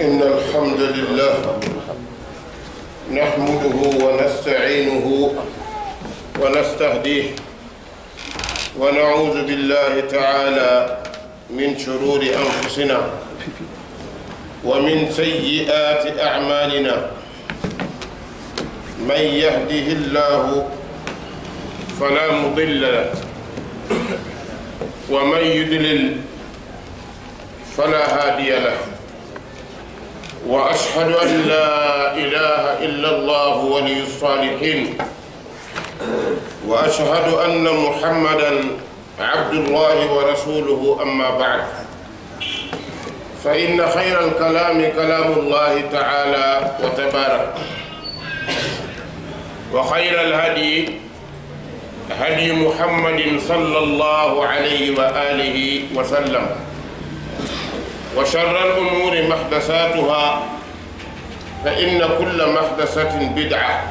إن الحمد لله نحمده ونستعينه ونستهديه ونعوذ بالله تعالى من شرور أنفسنا ومن سيئات أعمالنا من يهده الله فلا مضل له ومن يدلل فلا هادي له واشهد ان لا اله الا الله ولي الصالحين واشهد ان محمدا عبد الله ورسوله اما بعد فان خير الكلام كلام الله تعالى وتبارك وخير الهدي هدي محمد صلى الله عليه واله وسلم وشر الأمور محدثاتها فإن كل محدثة بدعة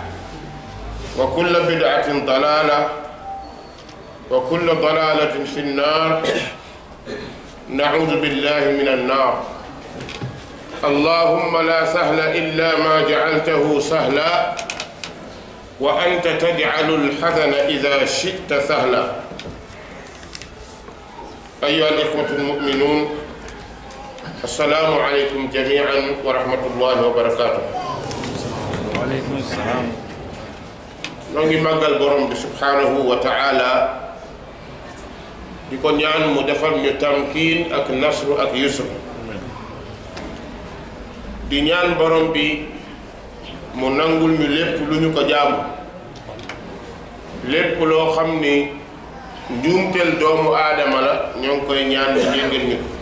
وكل بدعة ضلالة وكل ضلالة في النار نعوذ بالله من النار اللهم لا سهل إلا ما جعلته سهلا وأنت تجعل الحزن إذا شئت سهلا أيها الإخوة المؤمنون assalaamu aleykum jamiian wa rahmatullahi wa barakaatu. waaleykum ngi màggal borom bi subhaanahu wa taala di ko ñaan mu defal ñu tamkiin ak nasru ak yusr di ñaan borom bi mu nangul ñu lépp lu ñu ko jaamu lépp loo xam ni njuumteel doomu aadama la ñoo ngi koy ñaan mu jéggal ñu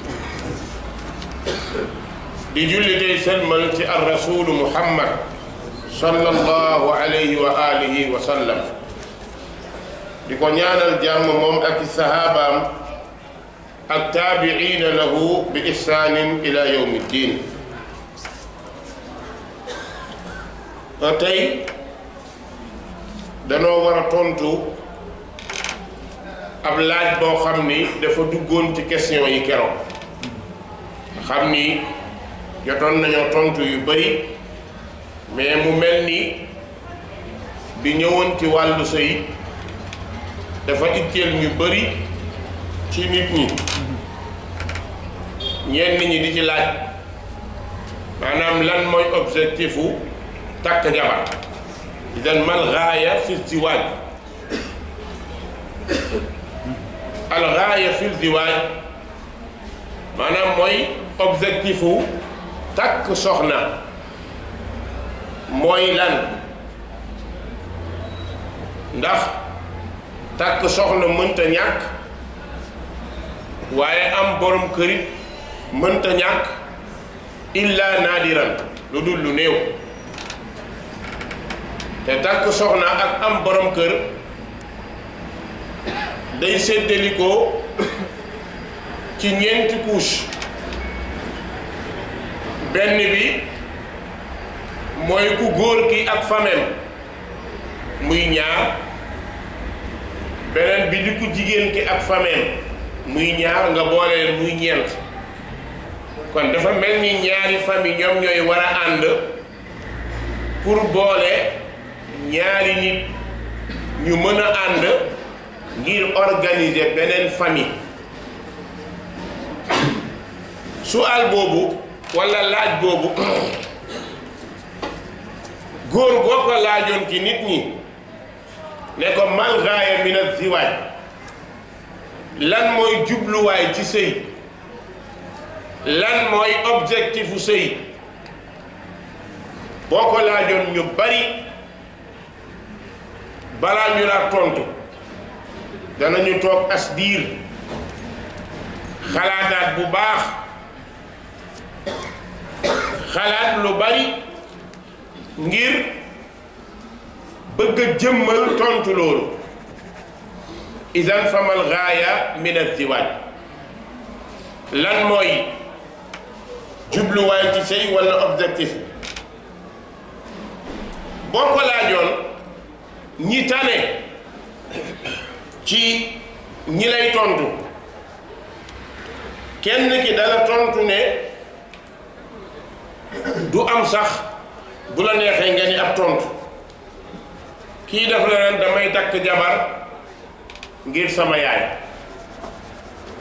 di julli tey sëlmal ci ar rasulu muhammad sallallahu alayhi wa alihi wa sallam di ko ñaanal jàmm moom ak i sahaabaam ak taabiina lahu bi ihsaanin ila yawmi ddin danoo war a tontu ab laaj boo xam ni dafa duggoon ci question yi keroog jotoon nañoo tontu yu bari mais mu mel ni di ñëwoon ci wàllu sëy dafa itteel ñu bari ci nit ñi ñenn ñi di ci laaj maanaam lan mooy objectifu takk jabar idan mal gaaya fi ziwaaj al gaaya maanaam mooy objectifu tàkk soxna mooy lan ndax takk soxna mënta ñàkk waaye am borom kërit mënta ñàkk illa naadiran lu dul lu néew te takk soxna ak am borom kër day séddalikoo ci ñeenti kuus benn bi mooy ku góor ki ak famem muy ñaar beneen bi di ku jigéen ki ak famem muy ñaar nga boole muy ñeent kon dafa mel ni ñaari famille ñoom ñooy war a ànd pour boole ñaari nit ñu mën a ànd ngir organiser beneen famille su al boobu walla laaj boobu góor boo ko laajoon ci nit ñi ne ko mal gaaya min az lan mooy jubluwaay ci sëy lan mooy objectifu sëy boo ko laajoon ñu bari balaa ñu la tontu danañu toog as diir xalaataat bu baax xalaat lu bari ngir bëgg a jëmmal tontu loolu idan famal gaaya min aziwaaj lan mooy jubluwaay ci sëy walla objectif boo ko laajoon ñi tane ci ñilay tontu kenn ki dana tontu ne du am sax bu la neexee nga ni ab tontu kii def leneen damay dakk jabar ngir sama yaay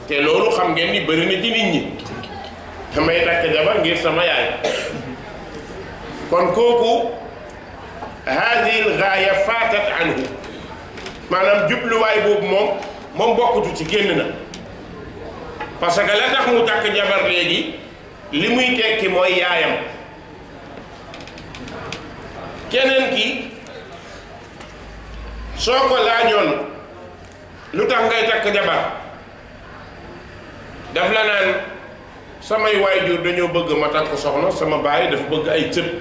te loolu xam ngeen ni bëri na ci nit ñi damay takk jabar ngir sama yaay kon kooku haadihi lgaaya faatat anhu maanaam jubluwaay boobu moom moom bokkutu ci génn na parce que la tax mu takk jabar léegi li muy tekki mooy yaayam keneen ki soo ko laajoon lu tax ngay takk jabar daf la naan samay waajur dañoo bëgg ma takk soxna sama baay dafa bëgg ay sët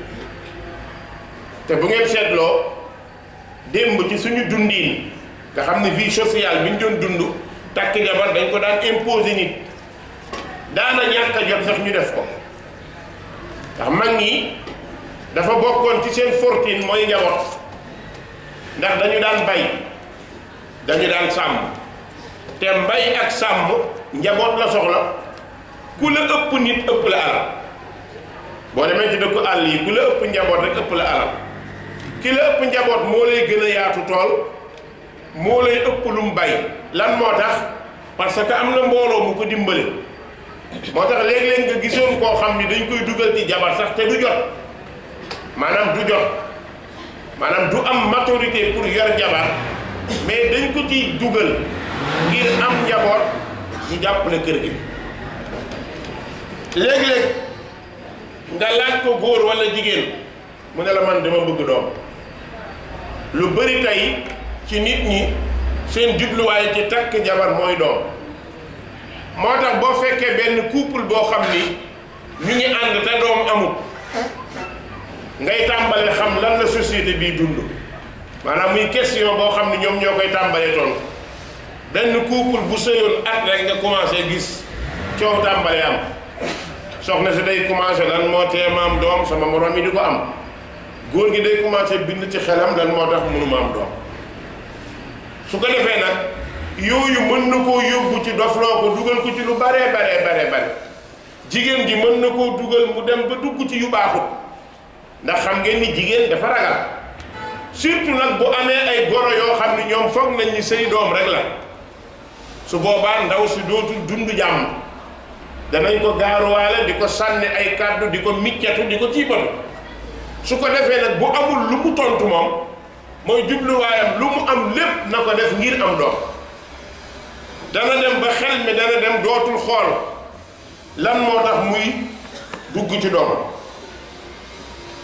te bu ngeen seetloo démb ci suñu dundiin nga xam ni vie sociale bi ñu doon dund takk jabar dañ ko daan imposer nit daana ñàkk a jot sax ñu def ko ndax mag ñi dafa bokkoon ci seen fortune mooy njaboot ndax dañu daan bay dañu daan sàmm te mbay ak sàmm njaboot la soxla ku la ëpp nit ëpp la alal boo demee ci dëkku àll yi ku la ëpp njaboot rek ëpp la alal ki la ëpp njaboot moo lay gën a yaatu tool moo lay ëpp lu bay lan moo tax parce que am na mbooloo mu ko dimbale moo tax léeg-léeg nga gisoon koo xam ni dañ koy dugal ci jabar sax te du jot maanaam du jot maanaam du am maturité pour yar jabar mais dañ ko ciy dugal ngir am njaboot ñu jàppale kër gi léeg-léeg nga laaj ko góor walla jigéen mu ne la man dama bëgg doom lu bëri tey ci nit ñi seen jubluwaay ci takk jabar mooy doom moo tax boo fekkee benn couple boo xam ni ñu ngi ànd te doom amut ngay tàmbale xam lan la société bii dund maanaam muy question boo xam ni ñoom ñoo koy tàmbale tontu benn couple bu sëyoon at rek nga commencé gis coow tàmbale am soxna si day commencé lan moo tee maam doom sama morom yi di ko am góor gi day commencé bind ci xelam lan moo tax mënu maam doom su ko defee nag yooyu mën na koo yóbbu ci dofloo ko dugal ko ci lu baree baree baree bare jigéen ji mën na koo dugal mu dem ba dugg ci yu baaxut ndax xam ngeen ni jigéen dafa ragal surtout nag bu amee ay goro yoo xam ne ñoom foog nañ ni say doom rek la su boobaa ndaw si dootul dund jàmm danañ ko gaaruwaale di ko sànni ay kàddu di ko miccatu di ko tiibatu su ko defee nag bu amul lu mu tontu moom mooy jubluwaayam lu mu am lépp na ko def ngir am doom dana dem ba xel mi dana dem xool lan moo tax muy dugg ci doom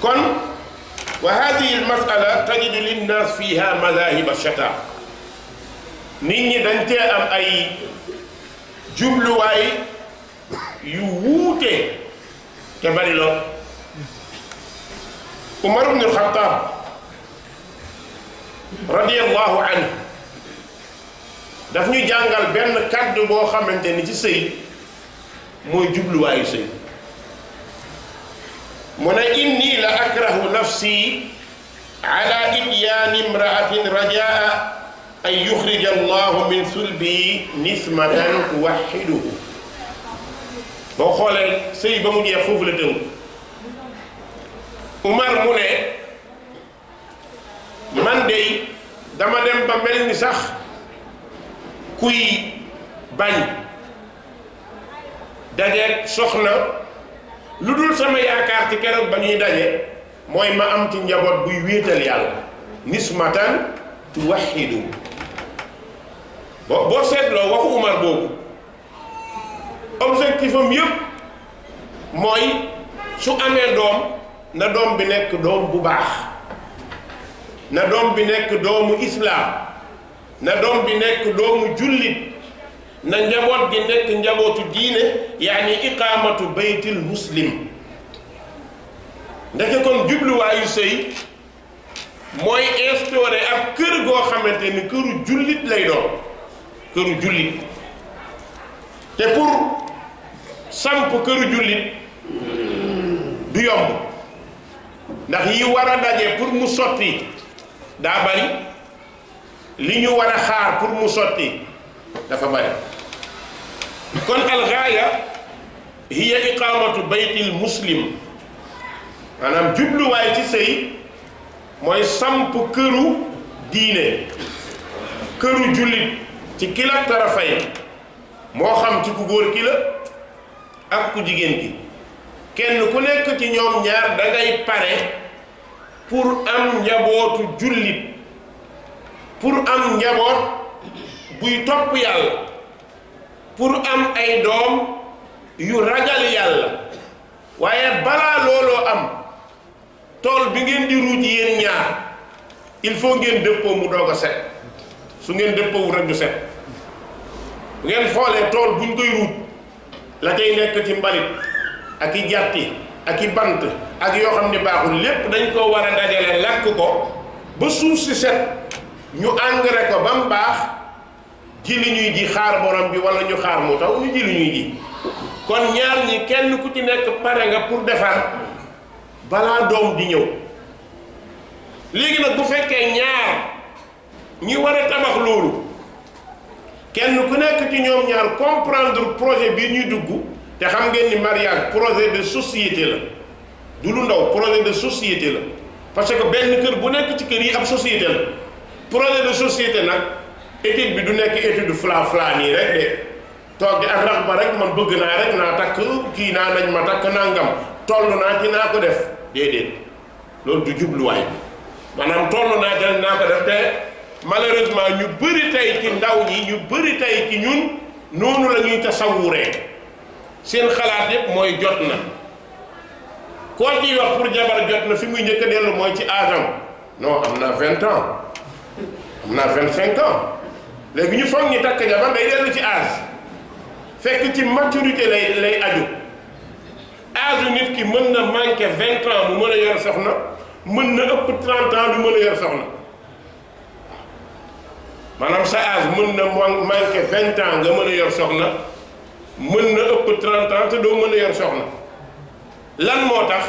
kon wa hadihi al masala tajidu linnas fiha madahiba shata nit ñi dañ cee ay jubluwaay yu wuute te bari lool Umar ibn Xattaab radiyallahu daf ñu jàngal benn kàddu boo xamante ni ci sëy mooy jubluwaayu sëy mu ne inni la akrahu nafsi ala ityaani imraatin rajaa an yuxrija allahu min sulbi nismatan tuwaxiduhu boo xoolee sëy ba mu jeex la tënk Umar mu man dey dama dem ba mel ni sax kuy bañ dajeeg soxna lu dul sama yaakaar ci keroog ba ñuy daje mooy ma am ci njaboot buy wéetal yàlla nismatan tuwaxidu boo seetloo waxu Umar boobu objectif yépp yëpp mooy su amee doom na doom bi nekk doom bu baax na doom bi nekk doomu islaam na doom bi nekk doomu jullit na njaboot gi nekk njabootu diine yaani iqaamatu baytil muslim ndeke kon jubluwaayu sëy mooy instauré ab kër goo xamante ni këru jullit lay doon këru jullit te pour samp këru jullit du yomb ndax yi war a daje pour mu sotti daa bari li ñu war a xaar pour mu sotti dafa bari kon algaaya hiya iqamatu baytil muslim maanaam jubluwaay ci sëy mooy samp këru diine këru jullit ci kila tarafay moo xam ci ku góor ki la ak ku jigéen gi kenn ku nekk ci ñoom ñaar da pare pour am njabootu jullit pour am njaboot buy topp yàlla pour am ay doom yu ragal yàlla waaye balaa looloo am tool bi ngeen di ruuj yéen ñaar il faut ngeen dëppoo mu doog a set su ngeen dëppoowul rek du set bu ngeen xoolee tool buñ koy ruuj la tey nekk ci mbalit ak i jàtti ak i bant ak yoo xam ne baaxul lépp dañ koo war a dajale lakk ko ba suuf si set ñu engrais ko ba mu baax ji li ñuy ji xaar borom bi wala ñu xaar mu taw ñu ji ñuy ji kon ñaar ñi kenn ku ci nekk pare nga pour defar balaa doom di ñëw léegi nag bu fekkee ñaar ñi war a tabax loolu kenn ku nekk ci ñoom ñaar comprendre projet bii ñuy dugg te xam ngeen ni mariage projet de société la du lu ndaw projet de société la parce que benn kër bu nekk ci kër yi ab société la projet de société nag étude bi du nekk étude fla fla nii rek de toog ak rax ba rek man bëgg naa rek naa takk kii naa nañ ma takk nangam toll naa ci naa ko def déedéet loolu du jubluwaay bi maanaam toll naa ci rek naa ko def te malheureusement ñu bëri tey ci ndaw ñi ñu bëri tey ci ñun noonu la ñuy seen xalaat yépp mooy jot na koo ciy wax pour jabar jot na fi muy njëkk a dellu mooy ci aadam non am na vingt ans mun a vingt cinq ans léegi ñu foog ñi takk jabar day dellu ci âge fekk ci maturité lay lay aju âge nit ki mën na manqué vingt ans bu mën a yor soxna mën na ëpp trente ans mën soxna maanaam sa âge na manqué vingt ans nga mën a yor soxna mën na ëpp trente ans te doo mën a yor soxna lan moo tax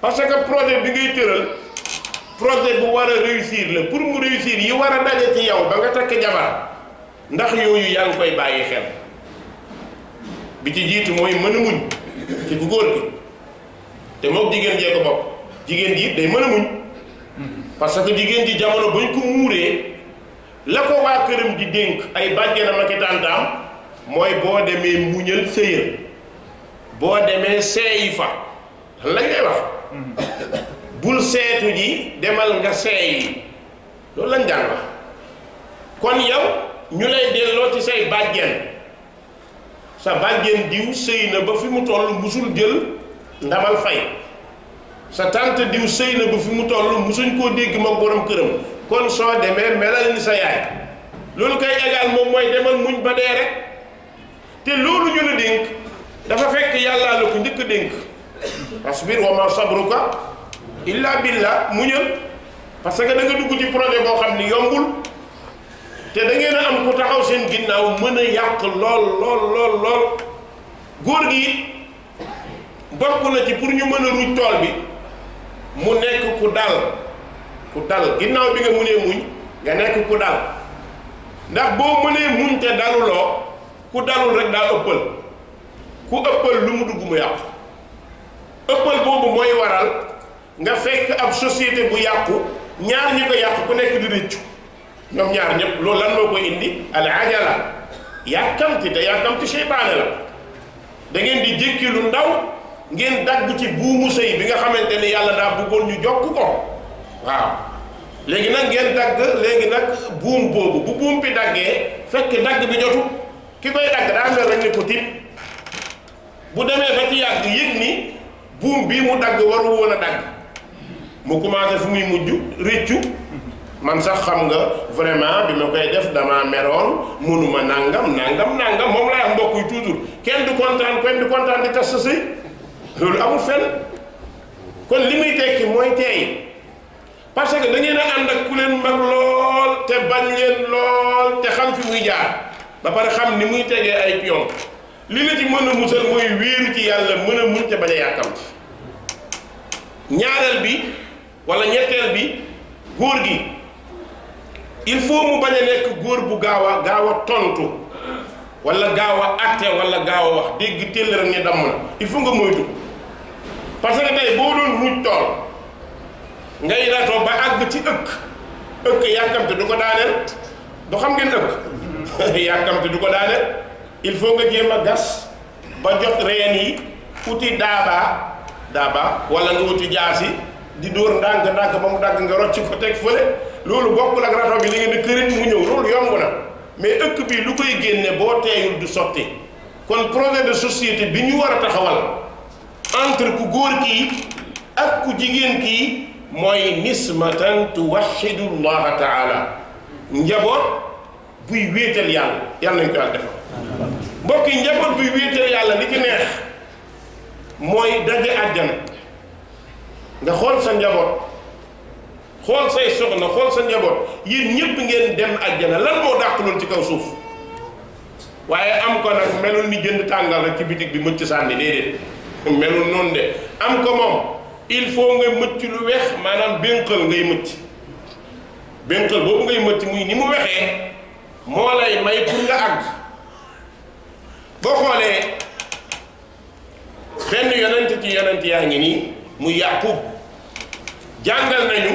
parce que projet bi ngay tëral projet bu war a réussir la pour mu réussir yi war a daje ci yow ba nga takk jabar ndax yooyu yaa ngi koy bàyyi xel bi ci jiitu mooy mën a muñ ci ku góor te mook jigéen jee ko bopp jigéen ji day mën a muñ parce que jigéen ji jamono buñ ko muuree la ko waa këram di dénk ay bàjjanam ak daam mooy boo demee muñal sëyal boo demee seeyi fa lan lay wax hmm. bul seetu ji demal nga seeyi loolu lañ daan wax kon yow ñu lay delloo ci say bàjjen sa bàjjen diw sëy na ba fi mu toll musul jël ndamal fay sa tante diw sëy ba fi mu toll musuñ koo dégg ma borom këram kon soo demee melal ni sa yaay loolu koy égal moom mooy demal muñ ba dee rek te loolu ñu la dénk dafa fekk yàllaa la ko njëkk a dénk asbir wa ma sabruka illa billah muñal parce que da dugg ci projet boo xam ne yombul te da ngeen a am ku taxaw seen ginnaaw mën a yàq lool lool lool lool góor gi bokk na ci pour ñu mën a ruuj tool bi mu nekk ku dal ku dal ginnaaw bi nga mënee muñ nga nekk ku dal ndax boo mënee muñ te daluloo ku dalul rek daa ëppal ku ëppal lu mu dugg mu yàq ëppal boobu mooy waral nga fekk ab société bu yàqu ñaar ñi ko yàqu ku nekk di rëccu ñoom ñaar ñëpp loolu lan moo koy indi al ajala yàkkamti te yàkkamti seytaane la da ngeen di jékki lu ndaw ngeen dagg ci buumu sëy bi nga xamante ni yàlla daa bëggoon ñu jokk ko waaw léegi nag ngeen dagg léegi nag buum boobu bu buum bi daggee fekk dagg bi jotu ki koy dagg daa mel rek ni ko tib bu demee ba ci yàgg yëg ni buum bii mu dagg waru woon a dagg mu commencé fu muy mujj réccu man sax xam nga vraiment bi ma koy def damaa meroon mënuma nangam nangam nangam moom lay am mbokk yi toujours kenn du kontaan kenn du kontaan di tas sa sëy loolu amul fenn kon li muy tekki mooy teey parce que da ngeen a ànd ak ku leen mag lool te bañ leen lool te xam fi muy jaar ba pare xam ni muy tegee ay pion li la ci mën a musal mooy wéeru ci yàlla mën a muñ te bañ a yàkkamti ñaareel bi wala ñetteel bi góor gi il faut mu bañ a nekk góor bu gaaw a a tontu wala gaaw a atte wala gaaw a wax dégg téll rek ne damm na il faut nga moytu parce que tey boo doon ruuj tool ngay ratoo ba àgg ci ëkk ëkk yàkkamte du ko daaneel du xam ngeen ëkk yàkkamte du ko daaneel il faut nga jéem a gas ba jot reen yi uti daabaa daabaa wala nga uti jaasi di dóor ndànk ndànk ba mu dagg nga rocc ko teg fële loolu bokkul ak rato bi li ngeen di kërit mu ñëw loolu yomb na mais ëkk bii lu koy génne boo teeyul du sotti kon projet de société bi ñu war a taxawal entre ku góor kii ak ku jigéen kii mooy nismatan tuwaxidu llaha taala njaboot buy wéetal yàlla yàlla nañ ko yàlla defal mbokk yi njaboot buy wéetal yàlla li ki neex mooy daje àjjana nga xool sa njaboot xool say soxna xool sa njaboot yéen ñëpp ngeen dem àjjana lan moo dàq loolu ci kaw suuf waaye am ko nag melul ni jënd tàngal rek ci bitig bi mëcc sànni déedéet melul noonu de am ko moom il faut nga mëcc lu weex maanaam bénqal ngay mëcc bénqal boobu ngay mëcc muy ni mu wexee moo lay may pour nga àgg boo xoolee benn yonent ci yonent yaa ngi nii muy yàqub jàngal nañu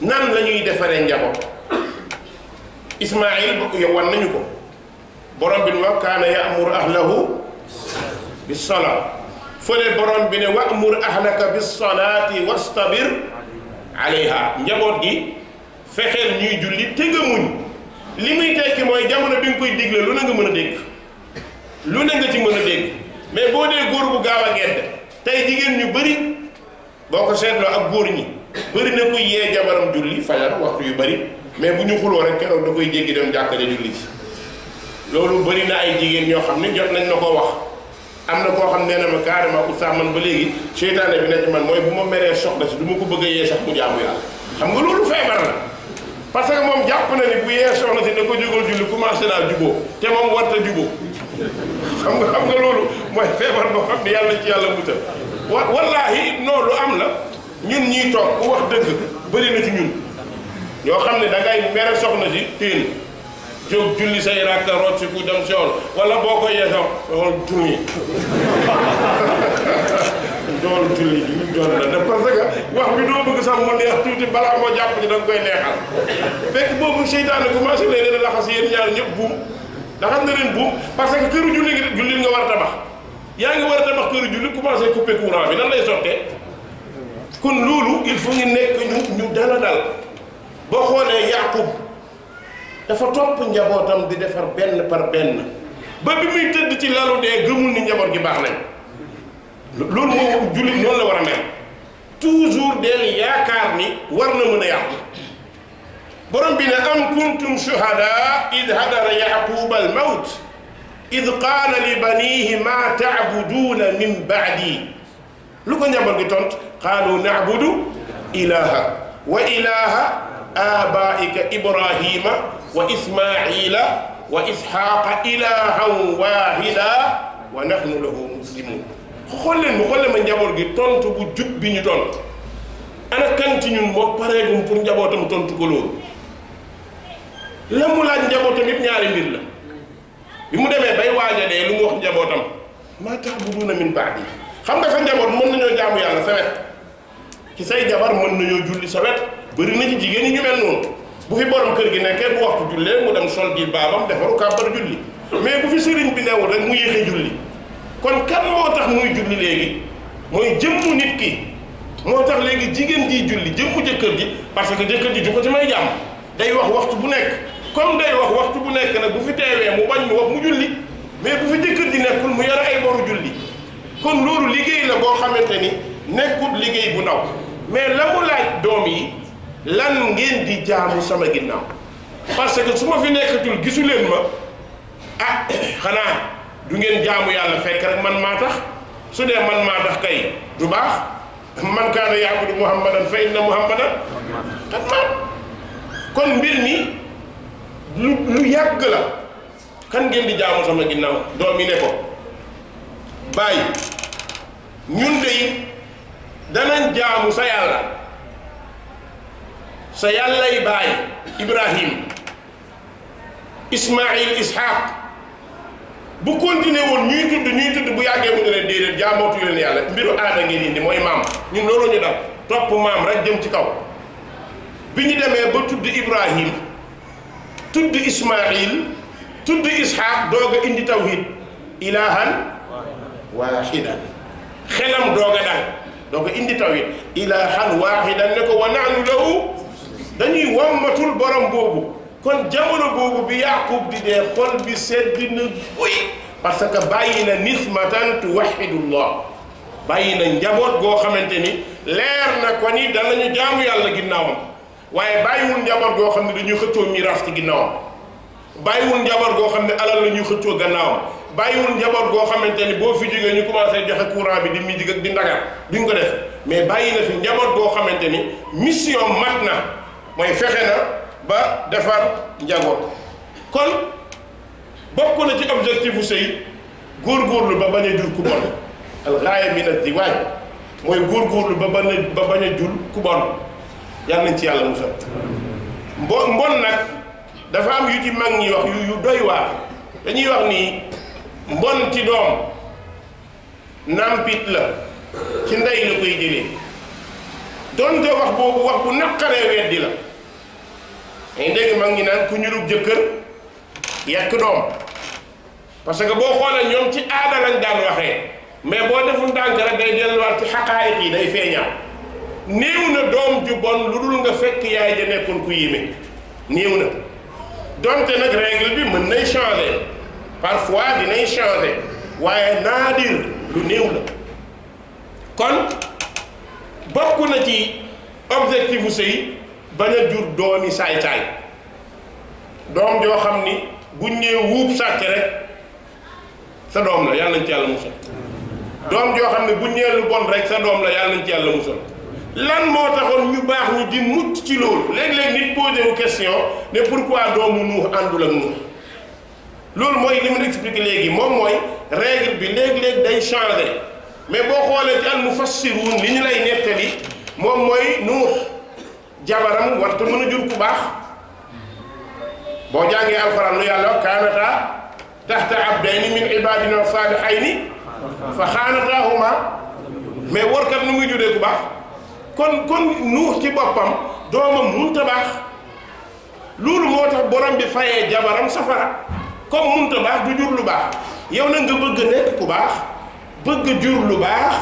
nan lañuy defaree njaboot Ismaayil bokk wan nañu ko borom bi ne wa kaana ya'muru ahlahu bi salaat fële borom bi ne wa'mur ahlaka bis salaati wastabir alayha njaboot gi fexeel ñuy julli te nga muñ li muy tekki mooy jamono bi nga koy digle lu na nga mën a dégg lu na nga ci mën a dégg mais boo dee góor bu gaaw a gedd tey jigéen ñu bëri. boo ko seetloo ak góor ñi bëri na kuy yee jabaram julli fajar waxtu yu bari mais bu ñu xuloo rek keroog da koy jéggi dem jàkka ja julli ci loolu bëri na ay jigéen ñoo xam ne jot nañ na ko wax am na koo xam nee na ma carrément sax man ba léegi seytaane bi nekk man mooy bu ma meree soxna si du ma ko bëgg yee sax mu jaamu yàlla xam nga loolu feebar la parce que moom jàpp na ni bu yee soxna si ne ko jógal julli commencé naa juboo te moom warta juboo xam nga xam nga loolu mooy feebar boo xam yàlla ci yàlla mutal wa wallaahi non lu am la ñun ñiy toog ku wax dëgg bëri na ci ñun yoo xam ne da ngay mere soxna si téen jóg julli say rakka root si ku dem siol wala boo ko yeesoo dool tuni dool julli bi doon la parce que wax bi doo bëgg sax mu neex tuuti balaa moo jàpp ni da nga koy neexal fekk boobu seytaane commencé lay leen a laxas yéen ñaar ñëpp buum da xam na leen buum parce que këru julli gi julli nga war a tabax yaa ngi war a tabax këru julli commencé couper courant bi nan lay sottee kon loolu il faut ñu nekk ñu ñu dala dal boo xoolee Yaqub dafa topp njabootam di defar benn par benn ba bi muy tëdd ci lalu de gëmul ni njaboot gi baax nañ loolu moo jullit noonu la war a mel toujours del yaakaar ni war na mën a yàqu borom bi ne am kuntum shuhada id hadara yaquba al id qaala li banihi ma taabuduuna min baadi lu ko njaboot gi tont qaalu naabudu ilaha wa ilaha abaika ibrahima wa ismaila wa isxaaqa ilahan wahida wa nahnu lahu muslimun xool leen ma xool leen ma njaboot gi tontu bu jub bi ñu tont ana kan ci ñun moo pareegum pour njabootam tontu ko loolu la mu laaj njabootam yëpp ñaari mbir la bi mu demee bay waaja dee lu mu wax njabootam maa ta'buduuna min ba'di xam nga sa njaboot mën nañoo jaamu yàlla sa wet ci say jabar mën nañoo julli sa wet bëri na ci jigéen yi ñu mel noonu bu fi borom kër gi nekkee bu waxtu jullee mu dem sol ji baabam defaru kàbbar julli mais bu fi sëriñ bi newul rek mu yéexee julli kon kan moo tax muy julli léegi mooy jëmmu nit ki moo tax léegi jigéen jiy julli jëmmu jëkkër ji parce que jëkkër ji du ko ci may jàmm day wax waxtu bu nekk comme day wax waxtu bu nekk nag bu fi teewee mu bañ mu wax mu julli mais bu fi jëkkër ji nekkul mu yore ay boru julli kon loolu liggéey la boo xamante ni nekkul liggéey bu ndaw mais la mu laaj doom yi lan ngeen di jaamu sama ginnaaw parce que su ma fi nekkatul gisu leen ma ah xanaa du ngeen jaamu yàlla fekk rek man maa tax su dee man maa tax kay du baax man kaana yaabudu muhammadan fa na muhammadan xat maat lu lu yàgg la kan ngeen di jaamu sama ginnaaw doom yi ne ko bàyyi ñun de danañ jaamu sa yàlla sa yàllay bàyyi Ibrahim Ismaïl Ishaq bu continué woon ñuy tudd ñuy tudd bu yàggee mu ne leen déedéet jaamootu leen yàlla mbiru aada ngeen indi mooy maam ñun loolu ñu dal topp maam rek jëm ci kaw bi ñu demee ba tudd Ibrahim. tudd Ismaayil tudd Isxaaq doog a indi tawhid ilaahan waaxidan xelam doog a dal a indi tawhid ilaahan waaxidan ne ko wa lahu dañuy wammatul borom boobu kon jamono boobu bi Yaaqub di dee xol bi sedd na buy parce que bàyyi na nismatan tuwahidullah bàyyi na njaboot goo xamante ni leer na ko ni danañu jaamu yàlla ginnaawam. waaye bàyyiwul njaboot goo xam ne dañuy xëccoo miraas ci ginnaawam bàyyiwul njaboot goo xam ne alal la ñuy xëccoo gannaaw bàyyiwul njaboot goo xamante ne boo fi jógee ñu commencé joxe courant bi di midi ak di ndagar duñ mais bàyyi na fi njaboot goo xamante ni mission mat na mooy fexe na ba defar njaboot kon bokk na ci objectif bu sëy góorgóorlu ba bañ a jur ku bon al gaaya min az ziwaaj mooy góorgóorlu ba bañ a ba bañ a ku bon yal nañ ci yàlla musal mbo mbon nag dafa am yu ci mag ñi wax yu yu doy waar dañuy wax nii mbon ci doom nàmpit la ci ndey la koy jëlee doonte wax boobu wax bu naqaree weddi la dañu dégg mag ñi naan ku ñurub jëkkër yàq doom parce que boo xoolee ñoom ci aada lañ daan waxee mais boo defu ndànk rek day delluwaat ci xaqaayiq yi day feeñaaw néew na doom ju bon lu dul nga fekk yaay ja nekkoon ku yéeme néew na donte nag règle bi mën nay changer parfois dinay changer waaye naadir lu néew la kon bokk na ci objectif u sëy bañ a jur doomi saay-saay doom joo xam ni buñ nee wuub sàcc sa doom yàlla nañ ci yàlla musal xam ne buñ nee lu rek sa doom la yàlla nañ ci yàlla musal lan moo taxoon ñu baax ñi di mucc ci loolu léeg-léeg nit posé wu question ne pourquoi doomu nuux àndul ak nuux loolu mooy li ma expliqué léegi moom mooy règle bi léeg-léeg day changé mais boo xoolee ci al mufassiruun li ñu lay nettali moom mooy nuux jabaram warta mën a jur ku baax boo jàngee alxuraan lu yàlla kaanata taxta abdayni min ibadina saalihayni fa xaanataahuma mais warkat nu muy juree ku baax kon kon nuux ci boppam doomam munta baax loolu moo tax borom bi fayee jabaram safara comme munta baax du jur lu baax yow na nga bëgg nekk ku baax bëgg jur lu baax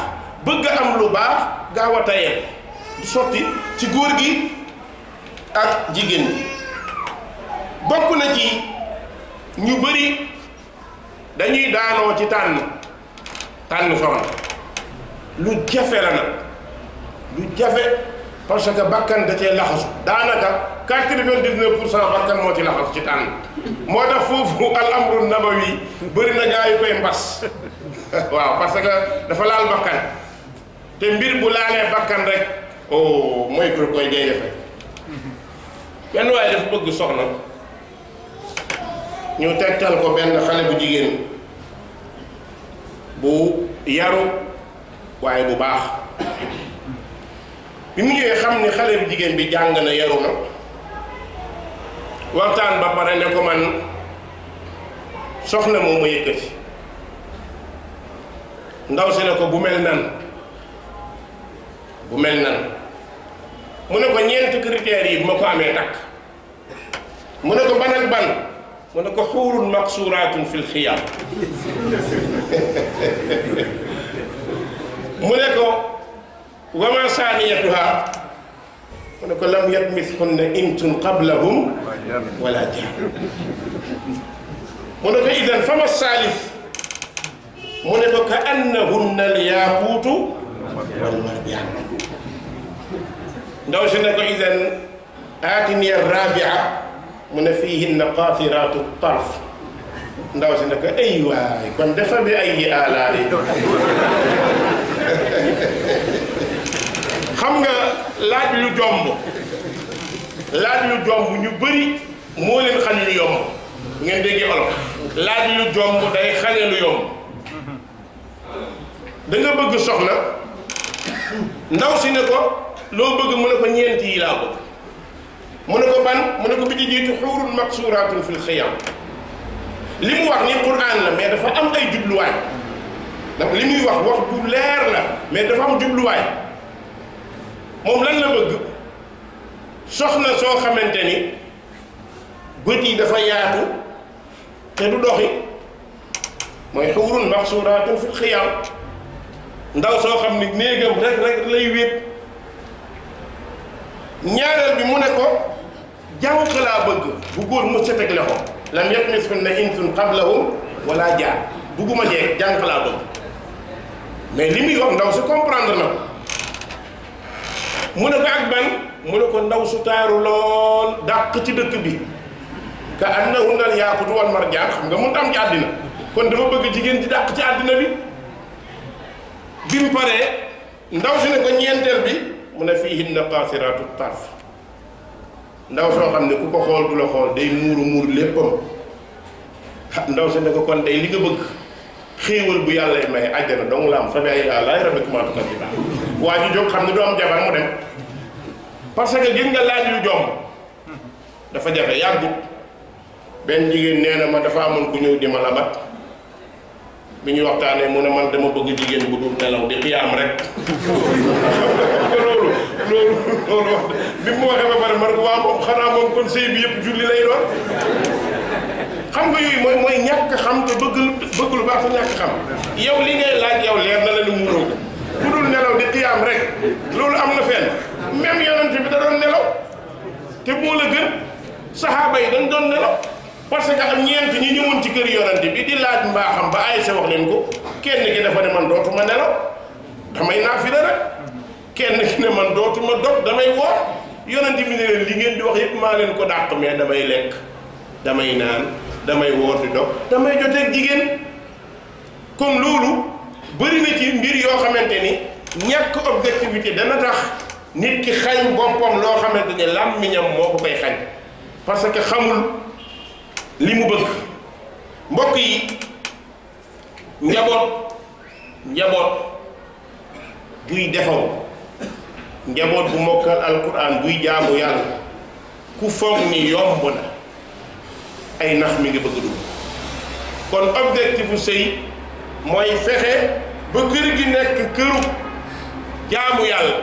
bëgg am lu baax gaaw a tayel du sotti ci góor gi ak jigéen bi bokk na ci ñu bëri dañuy daanoo ci tànn tànn soxna lu jafe la nag lu jafe parce que bakkan da laxasu daanaka quatre-vingt-dix-neuf pour cent bakkan moo ci laxasu ci tànn moo tax foofu al amru nabawi bëri na gaa yu koy mbas waaw parce que dafa laal bakkan te mbir bu laalee bakkan rek oh mooy ko koy day defe benn waaye dafa bëgg soxna ñu tegtal ko benn xale bu jigéen bu yaru waaye bu baax bi mu ñëwee xam ni xale bu jigéen bi jàng na yaru na ba pare ne ko man soxna moo ma yëkkati ndaw si ne ko bu mel nan bu mel nan mu ne ko ñeent critères yi bu ma ko amee takk mu ne ko ban ak ban mu ne ko xuurun maqsuuraatun fil xiyaam mu ne ko wama saaniyatuha mu ne ko lam yatmithunna intun qablahum wala jaan mu ne ko idan fama saalis mu ne ko ka annahunna alyaquutu wal marbiyaan ndaw si ne ko idan aatini arrabia mu ne fiihinna qaasiraatu tarf ndaw si ne ko ay waay kon dafa bi ay alaali xam nga laaj lu jomb laaj lu jomb ñu bëri moo leen xañ lu yomb ngeen déggee olof laaj lu jomb day xañe lu yomb da bëgg soxna ndaw si ne ko loo bëgg mu ne ko ñeenti yi laa bëgg mu ne ko ban mu ne ko bi ci jiitu xuurun maksuuraatun fil li mu wax ni Qur'an la mais dafa am ay jubluwaay li muy wax wax bu leer la mais dafa am jubluwaay moom lañ la bëgg soxna soo xamante ni gët yi dafa yaatu te du doxi mooy xuurun maxsuuraatun fil xiyaam ndaw soo xam ni néegam rek rek lay wéet ñaareel bi mu ne ko jànq laa bëgg bu góor mu sa ko loxo lam yatmiskunna insun qablahum wala jaar bugguma jeeg jànq laa bëgg mais li muy wax ndaw si comprendre na ko mu ne ko ak ban mu ne ko ndaw su taaru lool dàq ci dëkk bi ka annahunna al yaaqutu wal marjaan xam nga mun am ci àddina kon dafa bëgg jigéen di dàq ci àddina bi bi mu ndaw si ne ko ñeenteel bi mu ne fiihinna qaasiraatu tarf ndaw soo xam ne ku ko xool du la xool day muuru muuru léppam ndaw si ne ko kon day li nga bëgg xéewal bu yàlla may àjjana dong la am fa bi ay laa laay rabbik maa tukazzibaan waa ji jóg xam ne du am jabar mu dem parce que gis nga laaj lu jomb dafa jafe yàggut benn jigéen nee na ma dafa amoon ku ñëw di ma labat bi ñu waxtaanee mu ne man dama bëgg jigéen bu dul nelaw di am rek loolu loolu loolu wax bi mu waxee ba pare man ko waa moom xanaa moom kon sëy bi yëpp julli lay doon xam nga yooyu mooy mooy ñàkk xam te bëgg lu baax te ñàkk xam yow li ngay laaj yow leer na la ni muuroo bu dul nelaw di xiyaam rek loolu am na fenn même yonent bi da doon nelaw te moo la gën saxaaba yi dañ doon nelaw parce que am ñeent ñi ñëwoon ci kër yonent bi di laaj mbaaxam ba Aysa wax leen ko kenn ki dafa ne man dootuma nelaw damay naafila rek kenn ki ne man dootuma dog damay woor yonent bi ne leen li ngeen di wax yëpp maa leen ko dàq mais damay lekk damay naan damay woor di dog damay joteeg jigéen comme loolu bëri na ci mbir yoo xamante ni ñàkk objectivité dana tax nit ki xañ boppam loo xamante ni làmmiñam moo ko koy xañ parce que xamul li mu bëgg mbokk yi njaboot njaboot buy defaw njaboot bu mokkal alquran buy jaamu yàlla ku foog ni yomb na ay nax mi ngi bëgg dugg kon objectif sëy mooy fexe ba kër gi nekk këru jaamu yàlla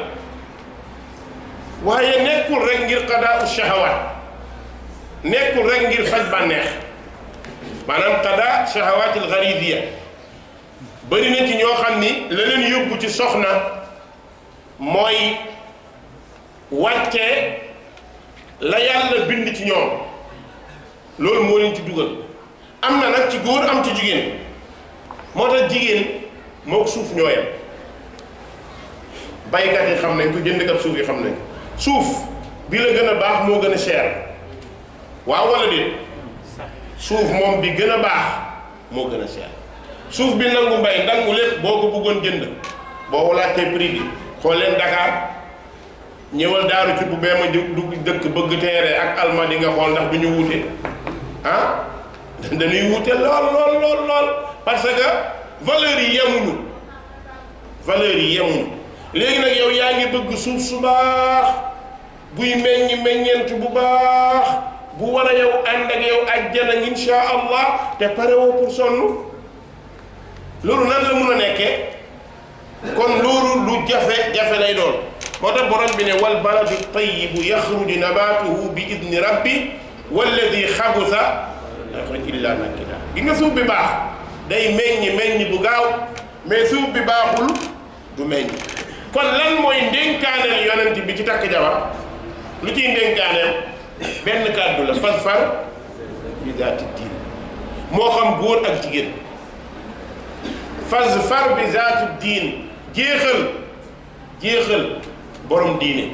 waaye nekkul rek ngir qadaau shahawaat nekkul rek ngir faj bànneex maanaam qadaa shahawaatil gharidiyya bëri ci ñoo xam ni la leen yóbbu ci soxna mooy wàccee la yàlla bind ci ñoom loolu moo leen ci dugal am na nag ci góor am ci jigéen moo tax jigéen mook suuf ñoo yem baykat yi xam nañ ko jëndkat suuf yi xam nañ suuf bi la gën a baax moo gën a cher waaw wala déet suuf moom bi gën a baax moo gën a cher suuf bi nangu mbay nangu lépp boo ko bëggoon jënd boo walaatee prix yi xool leen dakaar ñëwal daaru ci bu bee ma du dëkk bëgg teere ak alma di nga xool ndax du ñu wuute ah dañuy wuute lool lool lool lool valeurs yi yemuñu valeurs yi yemuñu léegi nag yow yaa ngi bëgg suuf su baax buy meññ meññeent bu baax bu war a yow ànd ak yow ajjana insha allah te parewoo pour sonnu loolu nan la mun a nekke kon loolu lu jafe-jafe lay doon moo tax borom bi ne wal baladu tayibu yaxruju nabaatuhu bi idni rabbi walladi xabusa illa nakida gi nga suuf bi baax day meññ meññ bu gaaw mais suuf bi baaxul du meññ kon lan mooy ndénkaaneel yonent bi ci takk jabar lu ciy ndénkaaneel benn kàddu la fas far bi diin moo xam góor ak jigéen fas far bi zaati diin jéexal jéexal borom diine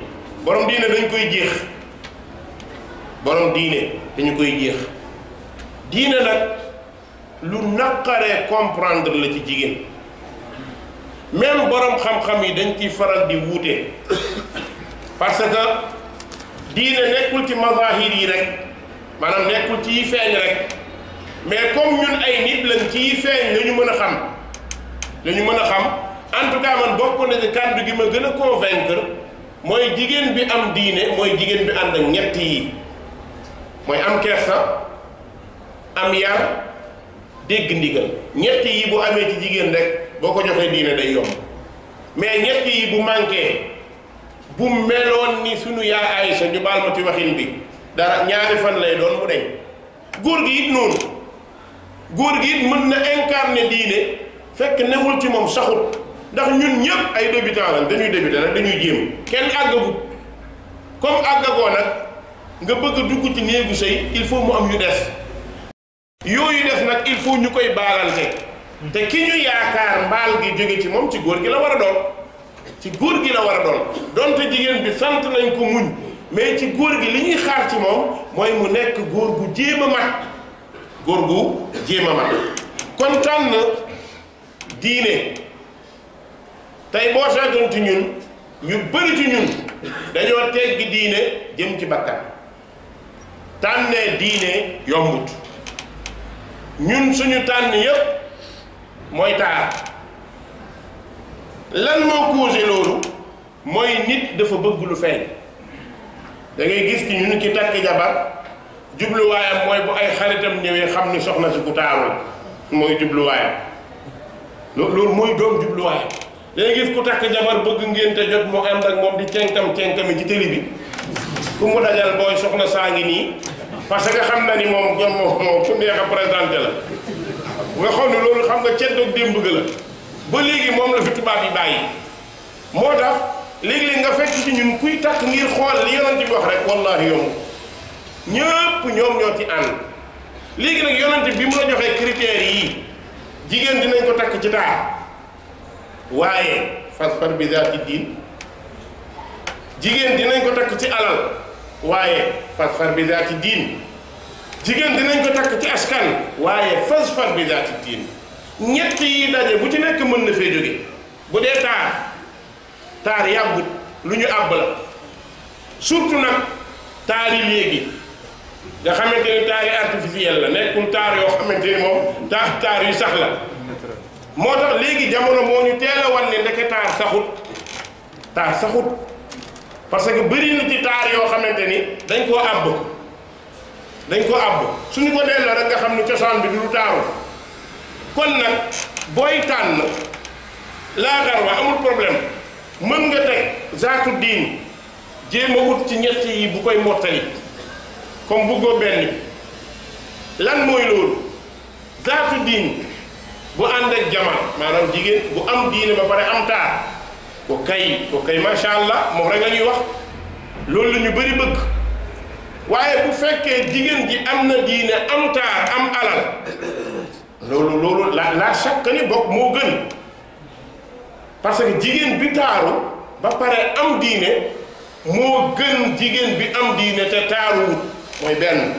borom diine dañ koy jéex boroom diine dañu koy jéex diine nag lu naqaree comprendre la ci jigéen même boroom xam-xam yi dañ ci faral di wuute parce que diine nekkul ci mazahir yi rek maanaam nekkul ci yi feeñ rek mais comme ñun ay nit lañ ci yi feeñ lañu mën a xam la mën a xam en tout cas man bokk na kàddu gi ma gën a convaincre mooy jigéen bi am diine mooy jigéen bi ànd ak ñett yi mooy am kersa am yar. dégg ndigal ñett yi bu amee ci jigéen rek boo ko joxee diine day yomb mais ñett yi bu manqué bu meloon ni sunu yaa Aysa ñu baal ma ci waxin bi dara ñaari fan lay doon mu deñ góor gi it noonu góor gi it mën na incarner diine fekk newul ci moom saxut ndax ñun ñëpp ay débutant dañuy débuté nag dañuy jéem kenn àggagut comme àggagoo nag nga bëgg a dugg ci néegu sëy il faut mu am yu des yooyu def nag il faut ñu koy baalante te ki ñu yaakaar mbaal gi jóge ci moom ci góor gi la war a doon ci góor gi la war a doon donte jigéen bi sant nañ ko muñ mais ci góor gi li ñuy xaar ci moom mooy mu nekk góor gu jéem a mat góor jéem a mat kon tànn diine tey boo seetoon ci ñun yu bari ci ñun dañoo teggi diine jëm ci bakkan tànnee diine yombut ñun suñu tànn yépp mooy taar lan moo causé loolu mooy nit dafa bëgg lu feeñ da gis ki ñu ki takk jabar jubluwaayam mooy bu ay xaritam ñëwee xam ni soxna si ku taaru mooy jubluwaayam loolu mooy doom jubluwaayam da gis ku takk jabar bëgg ngénte jot mu ànd ak moom di cenkam cenkami ci tëli bi ku mu dajal booy soxna saa ngi nii parce que xam na ni moom moom moom ku neex a présenté la nga xam loolu xam nga ceddoog démb ga la ba léegi moom la fi tubaab yi bàyyi moo tax léegi léeg nga fekk ci ñun kuy takk ngir xool li yonent bi wax rek wallahi yomb ñëpp ñoom ñoo ci ànd léegi nag yonent bi mu la joxee critères yi jigéen dinañ ko takk ci taar waaye fasfar bi zaati diin jigéen dinañ ko takk ci alal waaye fasfar bi daati diin jigéen dinañ ko takk ci askan waaye fasfar bi daati diin ñett yi daje bu ci nekk mën na fee jóge bu dee taar taar yàggut lu ñu àbb la na nag taari léegi nga xamante ni taari artificiel la nekkul taar yoo xamante ni moom taar taar yu sax la moo tax léegi jamono moo ñu teel a wan ne ndeke taar saxut taar saxut parce que bëri na ci taar yoo xamante ni dañ koo àbb dañ ko àbb suñu ko na rek nga xam ni cosaan bi du lu taaru kon nag booy tànn laa garwa amul problème mën nga teg zaatu diin jéem a wut ci ñett yi bu koy mottali comme buggoo benn bi lan mooy loolu zaatu diin bu ànd ak jaman maanaam jigéen bu am diine ba pare am taar ko kay ko kay macha allah moom rek la ñuy wax loolu la ñu bëri bëgg waaye bu fekkee jigéen ji am na diine am taar am alal loolu loolu la la chaque ni bokk moo gën parce que jigéen bi taaru ba pare am diine moo gën jigéen bi am diine te taaru mooy benn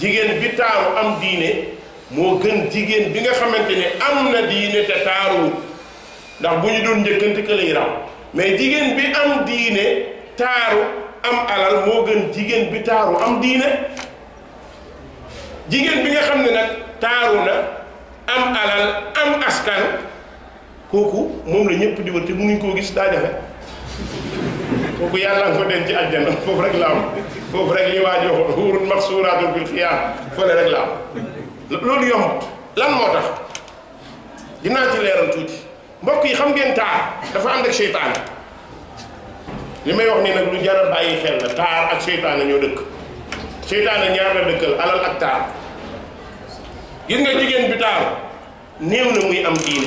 jigéen bi taaru am diine moo gën jigéen bi nga xamante ne am na diine te taaru ndax bu ñu doon njëkkante que lay raw mais jigéen bi am diine taaru am alal moo gën jigéen bi taaru am diine jigéen bi nga xam ne nag taaru na am alal am askan kooku moom la ñëpp di wër te mënuñ koo gis daa jafe kooku yàlla nga ko denc ci foofu rek la am foofu rek li waaj waxoon xuurun maxsuuraatun fil xiyaam fële rek la loolu yombut lan moo tax dinaa ci leeral tuuti mbokk yi xam ngeen taar dafa ànd ak seytaane li may wax nii nag lu jar a bàyyi xel la taar ak seytaane ñoo dëkk seytaane ñaar la alal ak taar gis nga jigéen bi taar néew na muy am diine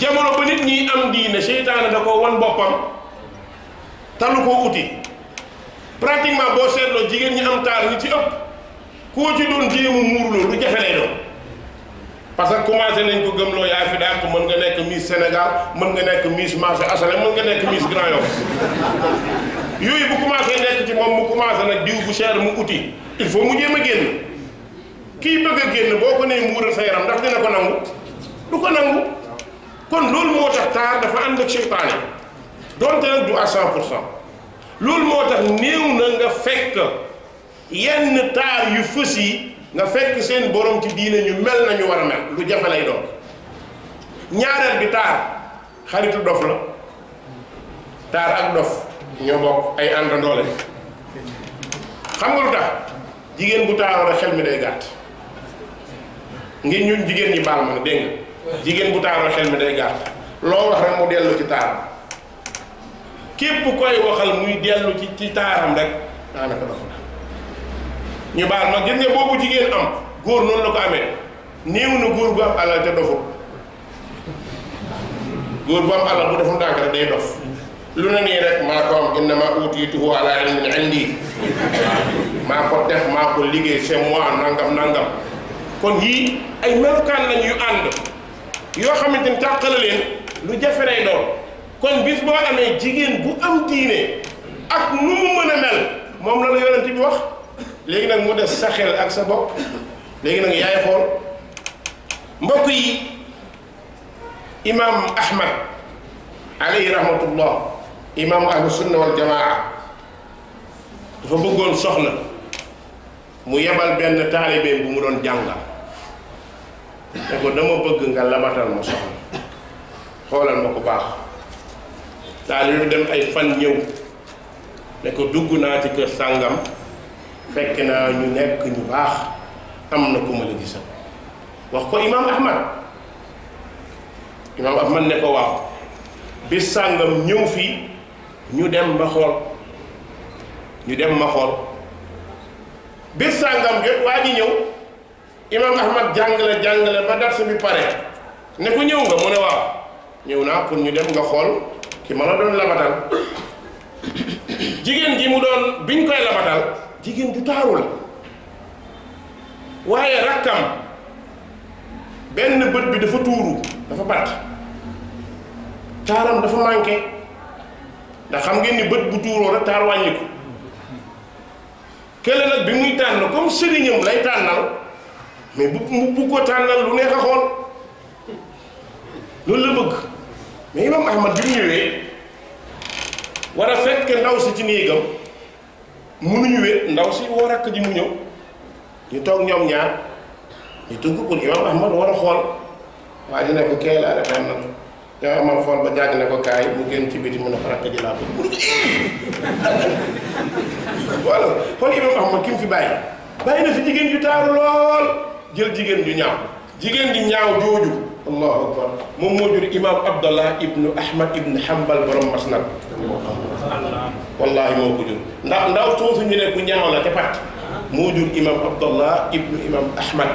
jamono ba nit ñi am diine seytaane da ko wan boppam talu koo uti pratiquement boo seetloo jigéen ñi am taar ñi ci ëpp koo ci doon jéemu muur loolu lu jafe lay doon parce que commencé nañ ko gëm loo yaay fi dàq mën nga nekk Miss Sénégal mën nga nekk Miss marché HLM mën nga nekk Miss Grand Yoff yooyu bu commencé nekk ci moom mu commencé nag diw bu cher mu uti il faut mu jéem a génn kii bëgg a génn boo ko nee mu wutal sa yaram ndax dina ko nangu du ko nangu kon loolu moo tax taar dafa ànd ak seytaane donte nag du à 100 pour cent loolu moo tax néew na nga fekk yenn taar yu fës yi nga fekk seen borom ci diine ñu mel nañu war a mel lu jafe lay ñaareel bi taar xaritu dof la taar ak dof ñoo bokk ay àndandoo lañ xam nga lu tax jigéen bu taaroo rek xel mi day gàtt ngir ñun jigéen ñi baal ma ne jigéen bu taaroo xel mi day gàtt loo wax rek mu dellu ci taaram képp koy waxal muy dellu ci ci taaram rek daanaka dof ñu baax ma gis nga boobu jigéen am góor noonu la ko amee néew na góor bu am alal te dofu góor bu am alal bu deful ndànk rek day dof lu ne nii rek maa ko am innama utiituhu ala ilmin indi maa ko def maa ko liggéey chez moi nangam nangam kon yii ay melukaan lañ yu ànd yoo xamante ni tàqala leen lu jafe lay doon kon bis boo amee jigéen bu am diine ak nu mu mën a mel moom la la yonent bi wax léegi nag moo des sa xel ak sa bopp léegi nag yaay xool mbokk yi imaam ahmad alayhi rahmatullah imaam ahlu sunna wal jamaa dafa bëggoon soxna mu yemal benn taalibeem bu mu doon jàngal ne ko dama bëgg nga labatal ma soxna xoolal ma ko baax taalibe bi dem ay fan ñëw ne ko dugg naa ci kër sàngam fekk naa ñu nekk ñu baax am na ku ma la gisal wax ko imaam ahmad imaam ahmad ne ko wax bis sàngam ñëw fii ñu dem ma xool ñu dem ma xool bis sàngam jot waa ji ñëw imaam ahmad jàng jàngale ba dars bi pare ne ko ñëw nga mu ne waaw ñëw naa pour ñu dem nga xool ki ma la doon labatal jigéen ji mu doon biñ koy labatal jigéen ju taaru la waaye rakkam benn bët bi dafa tuuru dafa pat taaram dafa manqué ndax xam ngeen ni bët bu tuuroo rek taar wàññi ko nag bi muy tànn comme sëriñam lay tànnal mais bu bu ko tànnal lu neex a xool loolu la bëgg mais imam bi mu ñëwee war a fekk ndaw si ci néegam mu mënuñu wéet ndaw si woo rakk ji mu ñëw ñu toog ñoom ñaar ñu tugg pour imam ahmad war a xool waa ji ne ko kee laa def na yow amal xool ba jàgg ne ko kaay mu génn ci biti mu ne ko rakk ji laa bëgg mu ne ko voilà xool imam ahmad ki mu fi bàyyi bàyyi na fi jigéen ju taaru lool jël jigéen ju ñaaw jigéen ju ñaaw jooju allahu akbar moom moo jur imam abdallah ibnu ahmad ibnu hambal borom masnad wallahi moo ko jur ndax ndaw soosu ñu ne ku ñaaw la te pat moo jur imam abdallah ibnu imam ahmad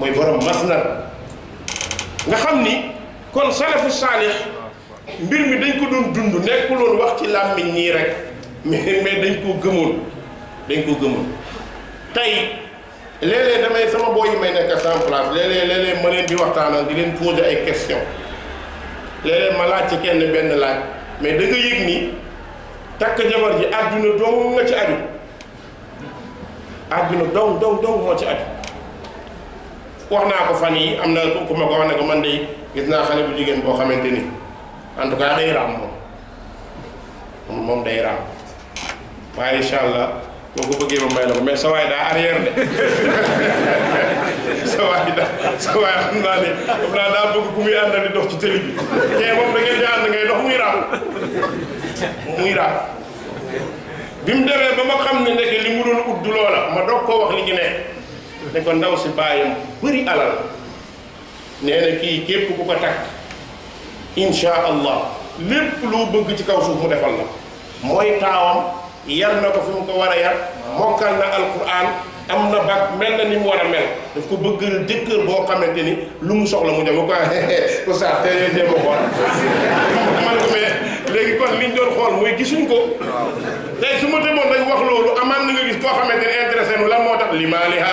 mooy borom masnad nga xam ni kon salafu saalix mbir mi dañ ko doon dund nekkuloon wax ci làmmiñ nii rek mais mais dañ koo gëmoon dañ koo gëmoon tey léeg-léeg damay sama boo yi may nekk sans place léeg-léeg léeg ma leen di waxtaanal di leen poser ay question léeg-léeg ma laaj ci kenn benn laaj mais da nga yëg ni takk jabar ji àdduna dong nga ci aju àdduna dong moo ci aju wax naa ko fan yi am na ku ma ko wax ne ko man de gis naa xale bu jigéen boo xamante ni en tout day raam moom moom day raam waaye incha allah boo ko bëggee ma may la ko mais sa waay daa arrière de sa waay xam naa ne xam naa daa bëgg ku muy àndal di dox ci tëli bi ñee moom da ngeen di dox muy raam muy raam bi mu demee ba ma xam ne ndeke li mu doon ut du loola ma doog koo wax li ci nekk ne ko ndaw si bàyyam bëri alal nee na kii képp ku ko takk insha allah lépp loo bëgg ci kaw suuf mu defal la mooy taawam yar na ko fi mu ko war a yar mokkal na alquran am na bag mel na ni mu war a mel daf ko bëgg jëkkër boo xamante ni lu mu soxla mu dem ko oustaz te ko mais léegi kon liñ doon xool mooy gisuñ ko tey su ma demoon dañ wax loolu amaan na nga gis koo xamante ni intéressé nu lan moo tax limaaniha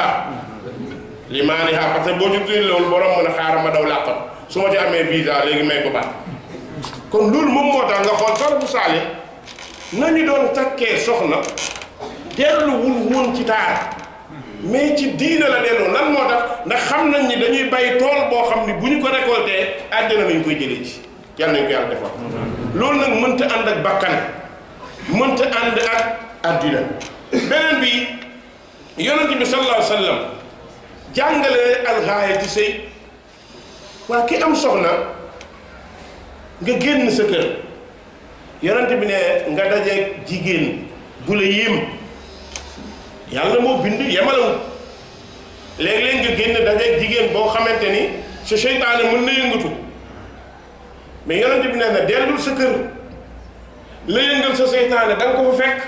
limaaniha parce boo ci tuddee loolu borom mën a ma daw làqat su ma ci amee visa léegi may ko baat kon loolu moom moo tax nga xool sarafu saali nañu doon takkee soxna delluwul woon ci taar mais ci diina la dee delloo lan moo tax ndax xam nañ ni dañuy bay tool boo xam ni bu ñu ko récolté àddina lañ koy jëlee ci yàlla nañ ko yàlla loolu nag mënta ànd ak bakkan mënta ànd ak àddina beneen bi yonent bi sallallahu alayhi wa sallam jàngale alxaaya ci sëy waa ki am soxna nga génn sa kër yonent bi ne nga dajeeg jigéen bu la yéem yàlla moo bind yemalewut léeg-léeg nga génn dajeeg jigéen boo xamante ni sa seytaane mën na yëngatu mais yonent bi nee na dellul sa kër la yëngal sa seytaane da ko fa fekk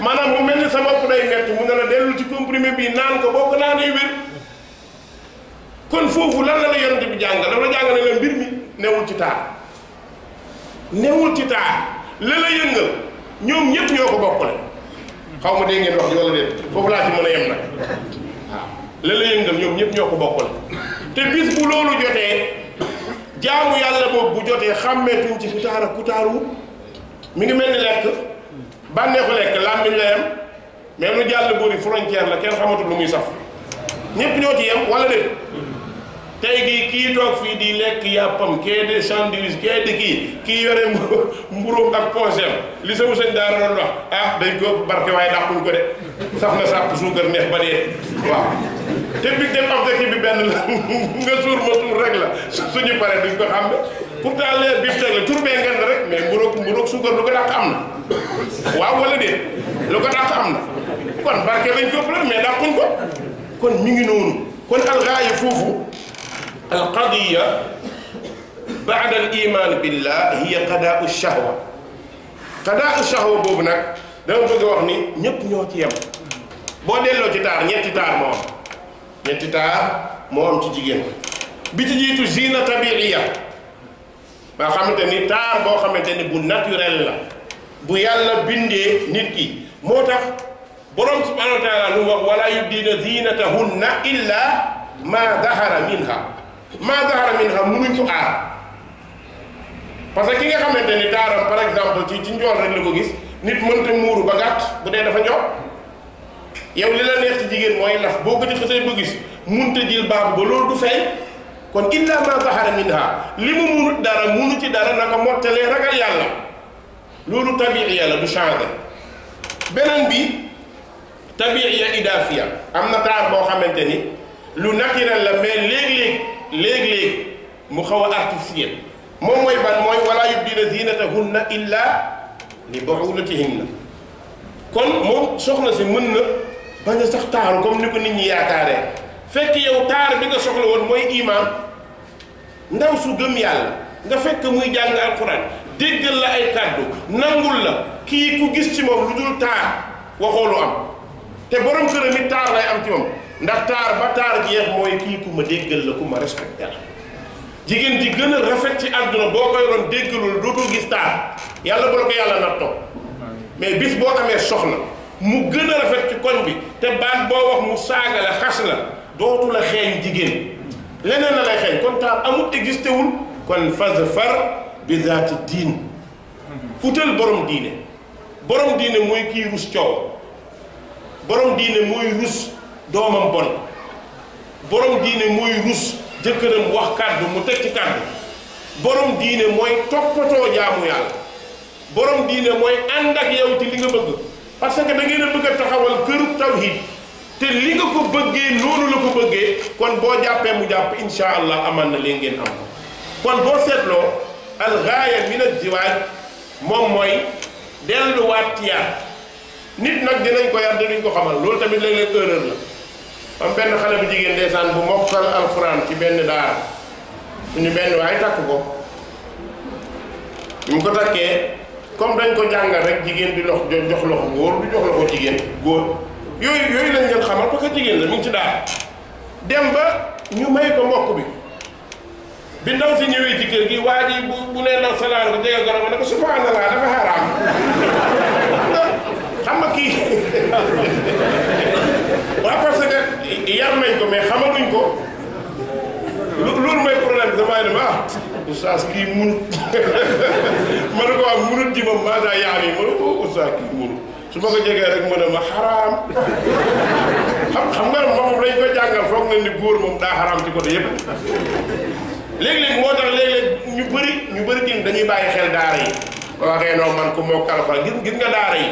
maanaam mu mel ni sama bopp day metti mu ne la dellul ci comprimé bii naan ko boo ko naanee wér kon foofu lan la la yonent bi jàngal dafa la jàngale la mbir mi newul ci taar newul ci taar la la yëngal ñoom ñëpp ñoo ko bokkule xaw ma dégg ngeen wax ji wala déet foofu laa ci mën a yem nag waaw la yëngal ñoom ñëpp ñoo ko bokkul te bis bu loolu jotee jaamu yàlla boobu bu jotee xàmmeetuñ ci kutaar ak kutaaru mi ngi mel ni lekk bànneexu lekk làmmiñ la yem mais lu jàll boori frontière la kenn xamatu lu muy saf ñëpp ñoo ci yem wala déet tey gii kii toog fii di lekk yàppam kee de sandwich kee di kii kii yore mburum ak poosem li sama sëñ daara doon wax ah dañ ko barke waaye dàquñ ko de saf na sàpp suukar neex ba dee waaw te bi dem objectif bi benn la nga suur ma suur rek la suñu pare duñ ko xam ne pourtant leer bi teg la tur bee ngeen rek mais mburoog mburoog suukar lu ko dàq am na waaw wala déet lu ko dàq am na kon barke lañ ko ëpp mais dàquñ ko kon mi ngi noonu kon alxaayi foofu alqadiya baada al iman billah hiya qadaau shahwa qadaau shahwa boobu nag dama bëgg a wax ni ñépp ñoo ci yem boo delloo ci taar ñetti taar moo taar moo ci jigéen bi ci jiitu zina tabiiya ba taar boo xamante ni bu naturel la bu yàlla bindee nit ki moo tax borom subhanahu wa taala lu wax wala yubdiina zinatahunna illa ma dahara minha maa dahara min ha munuñ aar parce que ki nga xamante ni taaram par exemple ci ci njool rek la ko gis nit mënta muuru ba gàtt bu dee dafa njool yow li la neex ci jigéen mooy laf boo ko ci xasee ba gis munta jil baabu ba loolu du feeñ kon illa maa zahara li mu munut dara munu ci dara naka mottalee ragal yàlla loolu tabiiya la du changé beneen bi tabiiya idaafiya am na taar boo xamante ni lu naturel la mais léeg-léeg léegi léeg mu xaw a artificiel moom mooy ban mooy wala yubdina zinatahunna illa li buulatihinna kon moom soxna si mën na bañ a sax taaru comme ni ko nit ñi yaakaaree fekk yow taar bi nga soxla woon mooy imaam ndaw su gëm yàlla nga fekk muy jàng alxuraan déggal la ay kàddu nangul la kii ku gis ci moom lu dul taar waxoolu am te borom këram it taar lay am ci moom ndax taar ba taar jeex mooy kii ku ma déggal la ku ma respecté la jigéen di gën a rafet ci àdduna boo ko yoroon déggalul dootoo gis taar yàlla bu la ko yàlla nattoo mais bis boo amee soxla mu gën a rafet ci koñ bi te baat boo wax mu saaga la xas la dootu la xeeñ jigéen leneen la lay xeeñ kon taar amut existé wul kon faz far bi zaati diin utal borom diine borom diine mooy kii rus coow borom diine mooy rus doomam bon borom diine mooy rus jëkkëram wax kàddu mu teg ci kàddu borom diine mooy toppatoo jaamu yàlla borom diine mooy ànd ak yow ci li nga bëgg parce que da ngeen a bëgg a taxawal këru tawhid te li nga ko bëggee noonu la ko bëggee kon boo jàppee mu jàpp insha allah aman na leen ngeen am ko kon boo seetloo algaaya min azziwaaj moom mooy delluwaat ci yar nit nag dinañ ko yar dinañ ko xamal loolu tamit léeg-léeg erreur la am benn xale bu jigéen ndeysaan bu mokkal alxuraan ci benn daara suñu benn waaye takk ko bi mu ko takkee comme dañ ko jàngal rek jigéen di lox jox loxo góor du jox loxo jigéen góor yooyu yooyu lañ leen xamal parce que jigéen la mu ci daara dem ba ñu may ko mbokk bi bi ndaw si ñëwee ci kër gi waa ji bu bu nee ndaw salaan ko jege goro ne ko subhanallah dafa xaraam xam nga kii waaw parce que yar nañ ko mais xamaguñ ko loolu mooy problème damay ne ma ah oustaz kii munut ma ne ko wax munut ji ma maanaam yaa ngi ma ne ko oh, kii munut su ma ko jegee rek mu ne ma xaraam xam xam nga moom lañ ko jàngal foog na ni góor moom daa xaraam ci côté yëpp léeg-léeg moo tax léeg-léeg ñu bëri ñu bëri tamit dañuy bàyyi xel daara waxee noonu man ku mokkal fa gis gis nga daara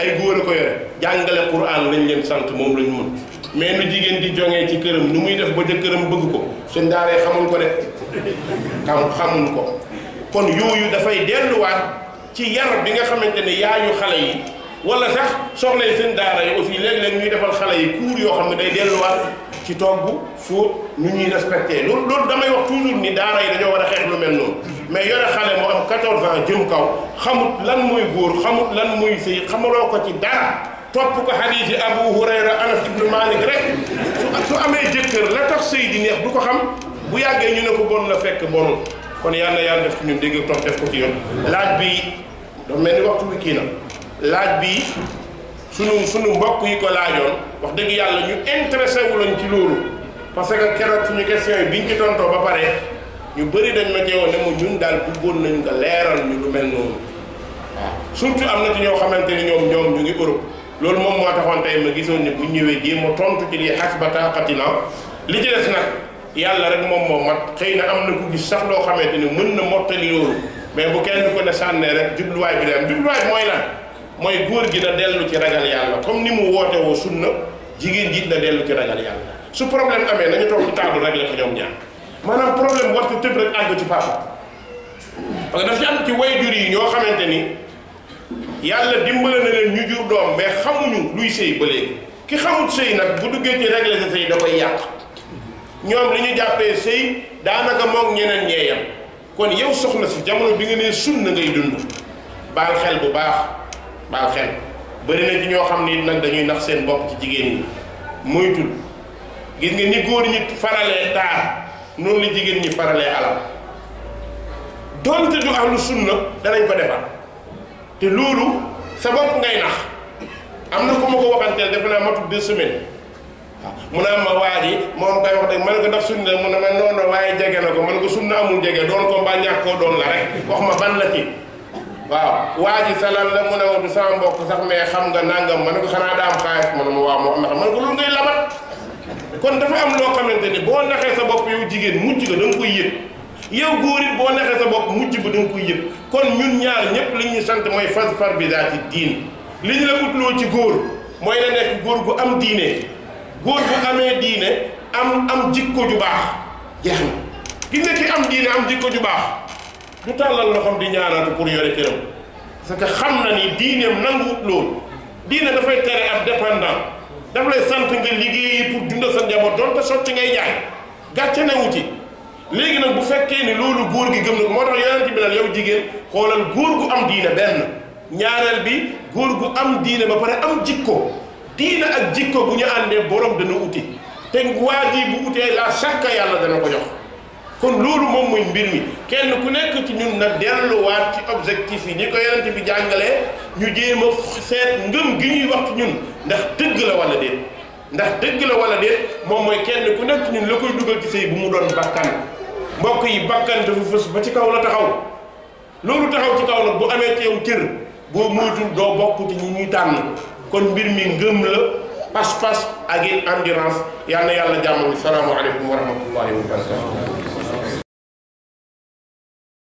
ay góor a ko yore jàngale Qur'an lañ leen sant moom lañ mun mais nu jigéen di jongee ci këram nu muy def ba jëkkëram bëgg ko suñ daaree xamuñ ko de xam xamul ko kon yooyu dafay delluwaat ci yar bi nga xamante ne yaayu xale yi wala sax soxna yi seen daara yi aussi leen léeg ñuy defal xale yi cours yoo xam ne day delluwaat ci togg fóot ñu ñuy respecté loolu loolu damay wax toujours ni daara yi dañoo war a xeex lu mel noonu mais yore xale moo am 14 ans jëm kaw xamut lan muy góor xamut lan muy sëy xamaloo ko ci dara topp ko xadiis yi Abu Hurayra Anas ibnu Malik rek su amee jëkkër la tax sëy di neex bu ko xam bu yàggee ñu ne ko bon la fekk bonul kon yàlla yàlla def ci ñu dégg toog def ko ci yoon laaj bi dafa mel ni waxtu wi kii na laaj bi sunu sunu mbokk yi ko laajoon wax dëgg yàlla ñu intéressé wu lañ ci loolu parce que keroog suñu question yi biñ ci tontoo ba pare ñu bëri dañ ma jeewoon ne mu ñun daal buggoon nañ nga leeral ñu lu mel noonu waaw surtout am na ci ñoo xamante ni ñoom ñoom ñu ngi Europe loolu moom moo taxoon tey ma gisoon ne bu ñëwee jéem a tontu ci lii xas ba taaxati na li ci des nag yàlla rek moom moo mat xëy na am na ku gis sax loo xamante ni mën na mottali loolu mais bu kenn ko ne sànnee rek jubluwaay bi dem jubluwaay mooy lan. mooy góor gi na dellu ci ragal yàlla comme ni mu woote woo na jigéen ji na dellu ci ragal yàlla su problème amee nañu toog ci table rek la ko ñoom ñaar maanaam problème warta tëb rek àgg ci parce que daf ci am ci wayjur yi ñoo xamante ni yàlla dimbale na leen ñu jur doom mais xamuñu luy sëy ba léegi ki xamut sëy nag bu duggee ci régler sa sëy da koy yàq ñoom li ñu jàppee sëy daanaka moog ñeneen ñeeyam kon yow soxna si jamono bi nga nee na ngay dund baal xel bu baax baal xel bëri na ci ñoo xam ni nag dañuy nax seen bopp ci jigéen muy moytul gis nga ni góor ñi farale taar noonu la jigéen ñi farale alal donte du ahlu na danañ ko defar te loolu sa bopp ngay nax am na ku ma ko waxanteel defe naa matut deux semaines waaw mu ne am ma waa ji moom kay wax dëgg man ko ndax sunna mu ne ma noonu waaye jege na ko man ko sunna amul jege doon ko mbaa ñàkk koo doon la rek wax ma ban la ci waaw waa ji salal la mu ne ma du sama mbokk sax mais xam nga nangam ma ne ko xanaa daa am xaalis ma ne ma waaw moo am na xam ma ne ko loolu ngay labat kon dafa am loo xamante ni boo naxee sa bopp yow jigéen mucc ga da nga koy yëg yow góor it boo naxee sa bopp mucc ba da nga koy yëg kon ñun ñaar ñëpp li ñu sant mooy fas far bi daati diin li ñu la utloo ci góor mooy na nekk góor gu am diine góor gu amee diine am am jikko ju baax jeex na gis nga ki am diine am jikko ju baax ñu tàllal loxoom di ñaanaatu pour yore këram parce que xam na ni diineem nanguwut loolu diine dafay tere ab dépendant daf lay sant nga liggéeyi pour dundal sa njaboot donte sotti ngay jaay gàcce newu ci léegi nag bu fekkee ni loolu góor gi gëm na moo tax yonent bi nag yow jigéen xoolal góor gu am diine benn ñaareel bi góor gu am diine ba pare am jikko diine ak jikko bu ñu àndee borom dana uti te waa ji bu wutee la chaque yàlla dana ko jox. kon loolu moom mooy mbir mi kenn ku nekk ci ñun na delluwaat ci objectif yi ñi ko yonent bi jàngalee ñu jéema a seet ngëm gi ñuy wax ci ñun ndax dëgg la wala déet ndax dëgg la wala déet moom mooy kenn ku nekk ci ñun la koy dugal ci sëy bu mu doon bakkan mbokk yi bakkan dafa fës ba ci kaw la taxaw loolu taxaw ci kaw la bu amee ci yow cër boo moytul doo bokk ci ñi ñuy tànn kon mbir mi ngëm la pas-pas ak it endurance yal na yàlla jàmm bi salaamaaleykum wa rahmatullahi wa barakatuh